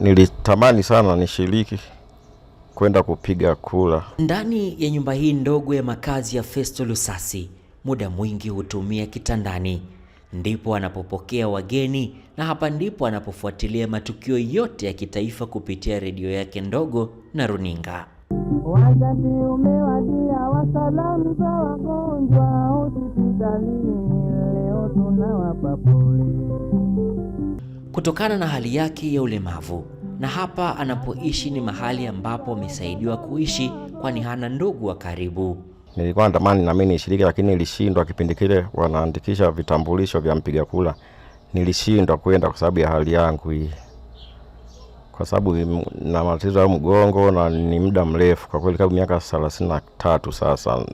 Nilitamani sana nishiriki kwenda kupiga kura. Ndani ya nyumba hii ndogo ya makazi ya Festo Lusasi, muda mwingi hutumia kitandani, ndipo anapopokea wageni na hapa ndipo anapofuatilia matukio yote ya kitaifa kupitia redio yake ndogo na runinga. Wakati umewadia wa salamu za wagonjwa hospitalini, leo tunawapa pole kutokana na hali yake ya ulemavu, na hapa anapoishi ni mahali ambapo amesaidiwa kuishi, kwani hana ndugu wa karibu. Nilikuwa natamani na mimi nishiriki, lakini nilishindwa. Kipindi kile wanaandikisha vitambulisho vya mpiga kura, nilishindwa kwenda kwa sababu ya hali yangu hii, kwa sababu na matatizo ya mgongo na ni muda mrefu kwa kweli, karibu miaka thelathini na tatu sasa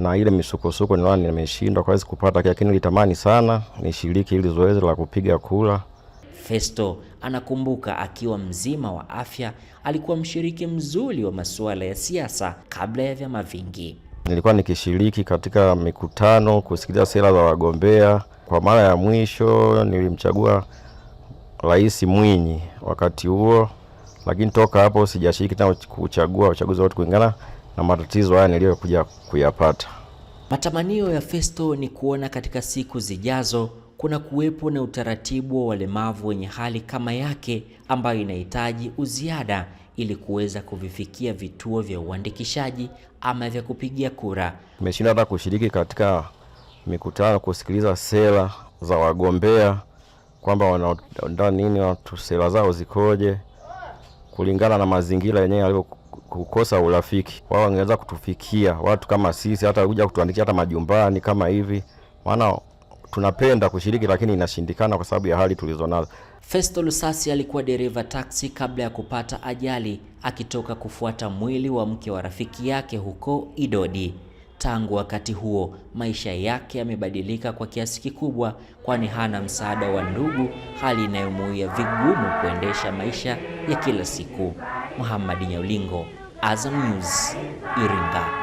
na ile misukosuko nilikuwa nimeshindwa kwa kupata, lakini nilitamani sana nishiriki ili zoezi la kupiga kura. Festo anakumbuka akiwa mzima wa afya alikuwa mshiriki mzuri wa masuala ya siasa kabla ya vyama vingi. Nilikuwa nikishiriki katika mikutano kusikiliza sera za wagombea. Kwa mara ya mwisho nilimchagua Rais Mwinyi wakati huo, lakini toka hapo sijashiriki tena kuchagua uchaguzi wote kulingana na matatizo haya niliyokuja kuyapata. Matamanio ya Festo ni kuona katika siku zijazo kuna kuwepo na utaratibu wa walemavu wenye hali kama yake ambayo inahitaji uziada ili kuweza kuvifikia vituo vya uandikishaji ama vya kupigia kura. Tumeshindwa hata kushiriki katika mikutano kusikiliza sera za wagombea kwamba wanaandaa nini, watu sera zao zikoje kulingana na mazingira yenyewe kukosa urafiki. Wao wangeweza kutufikia watu kama sisi, hata kuja kutuandikia hata majumbani kama hivi, maana tunapenda kushiriki, lakini inashindikana kwa sababu ya hali tulizonazo. Festo Lusasi alikuwa dereva taksi kabla ya kupata ajali akitoka kufuata mwili wa mke wa rafiki yake huko Idodi. Tangu wakati huo maisha yake yamebadilika kwa kiasi kikubwa, kwani hana msaada wa ndugu, hali inayomuia vigumu kuendesha maisha ya kila siku. Muhammad Nyaulingo Azam News, Iringa.